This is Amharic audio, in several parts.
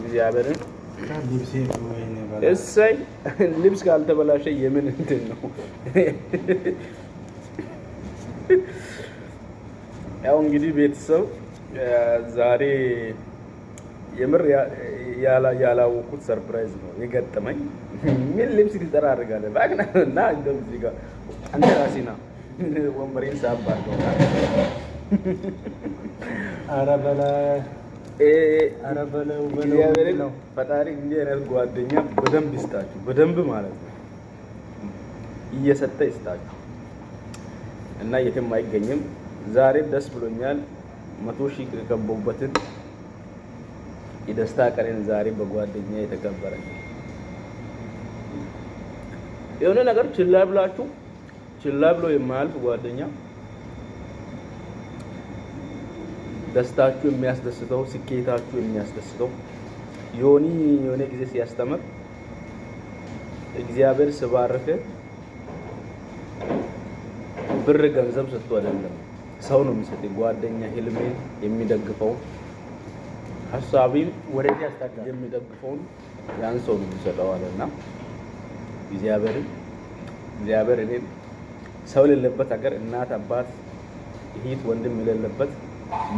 እግዚአብሔርን እሰይ ልብስ ካልተበላሸ የምን እንትን ነው? ያው እንግዲህ ቤተሰብ ዛሬ የምር ያላወቁት ሰርፕራይዝ ነው የገጠመኝ። ምን ልብስ ሊጠራ አድርጋለ ባግና እና እንደው እዚህ ጋር አንተ ራሴ ና ወንበሬን ሳባ አረበላ ፈጣሪ እንዲህ አይነት ጓደኛ በደንብ ይስጣችሁ። በደንብ ማለት ነው እየሰጠ ይስጣችሁ እና የትም አይገኝም። ዛሬ ደስ ብሎኛል። መቶ ሺህ የገባሁበትን የደስታ ቀኔን ዛሬ በጓደኛ የተከበረ የሆነ ነገር ችላ ብላችሁ ችላ ብሎ የማያልፍ ጓደኛ ደስታችሁ የሚያስደስተው ስኬታችሁ የሚያስደስተው ዮኒ የሆነ ጊዜ ሲያስተምር እግዚአብሔር ስባርክ ብር ገንዘብ ሰጥቶ አይደለም ሰው ነው የሚሰጥ። ጓደኛ ህልሜን የሚደግፈው ሀሳቢም ወደዚህ አስታካ የሚደግፈውን ያን ሰው ነው የሚሰጠው አለና እግዚአብሔር እግዚአብሔር እኔን ሰው የሌለበት ሀገር እናት አባት እህት ወንድም የሌለበት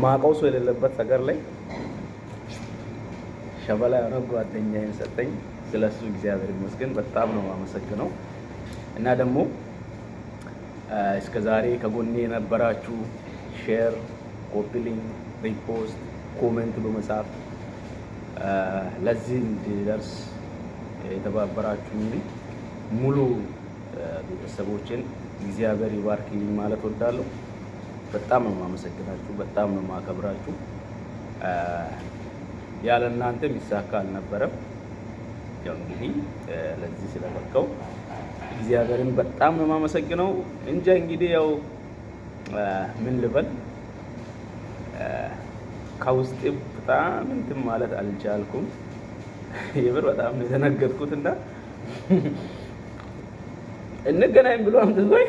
ማቀውሶ ሰው የሌለበት ሀገር ላይ ሸበላ የሆነ ጓደኛዬን ሰጠኝ። ስለሱ እግዚአብሔር ይመስገን በጣም ነው የማመሰግነው። እና ደግሞ እስከ ዛሬ ከጎኔ የነበራችሁ ሼር፣ ኮፒሊንግ፣ ሪፖስት፣ ኮሜንት በመጻፍ ለዚህ እንዲደርስ የተባበራችሁ ሙሉ ቤተሰቦችን እግዚአብሔር ይባርክልኝ ማለት ወዳለሁ። በጣም ነው የማመሰግናችሁ፣ በጣም ነው የማከብራችሁ። ያለ እናንተ የሚሳካ አልነበረም። ያው እንግዲህ ለዚህ ስለበቀው እግዚአብሔርን በጣም ነው የማመሰግነው። እንጃ እንግዲህ ያው ምን ልበል ከውስጤ በጣም እንትን ማለት አልቻልኩም። የምር በጣም ነው የተነገጥኩት እና እንገናኝ ብሎ አምጥቶኝ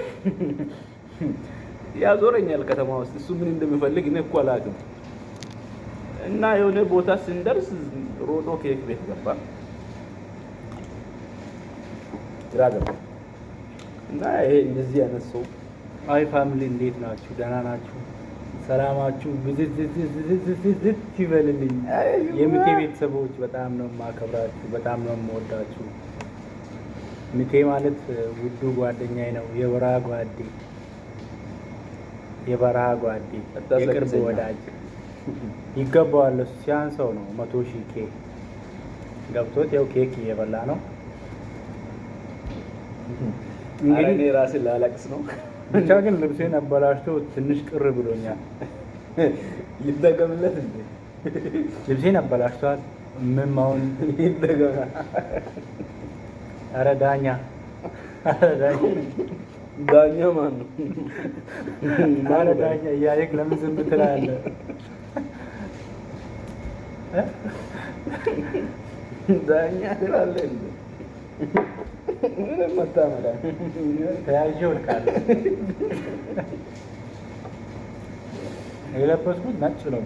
ያዞረኛል ከተማ ውስጥ። እሱ ምን እንደሚፈልግ እኔ እኮ አላውቅም። እና የሆነ ቦታ ስንደርስ ሮጦ ኬክ ቤት ገባ። ግራ ገባ። እና ይሄ እንደዚህ አይነት ሰው አይ ፋሚሊ እንዴት ናችሁ? ደህና ናችሁ? ሰላማችሁ ብዝዝዝዝዝዝዝዝ ይበልልኝ። የምቴ ቤተሰቦች በጣም ነው የማከብራችሁ፣ በጣም ነው የምወዳችሁ። ምቴ ማለት ውዱ ጓደኛዬ ነው፣ የወራ ጓዴ የበረሃ ጓዴ የቅርብ ወዳጅ ይገባዋል። እሱ ሲያንሰው ነው መቶ ሺህ ኬክ ገብቶት ያው ኬክ እየበላ ነው። እንግዲህ ራሴን ላለቅስ ነው ብቻ ግን ልብሴን አበላሽቶ ትንሽ ቅር ብሎኛል። ይጠቀምለት እንዴ ልብሴን አበላሽቷል። ምን ማሁን ይጠቀምላ አረ ዳኛ ዳኛ ማን ነው? ማን ዳኛ? እያየክ ለምን ዝም ትላለህ? ዳኛ ትላለህ እንዴ? ምንም አታመራ። ተያዥው ልካለ የለበስኩት ነጭ ነው።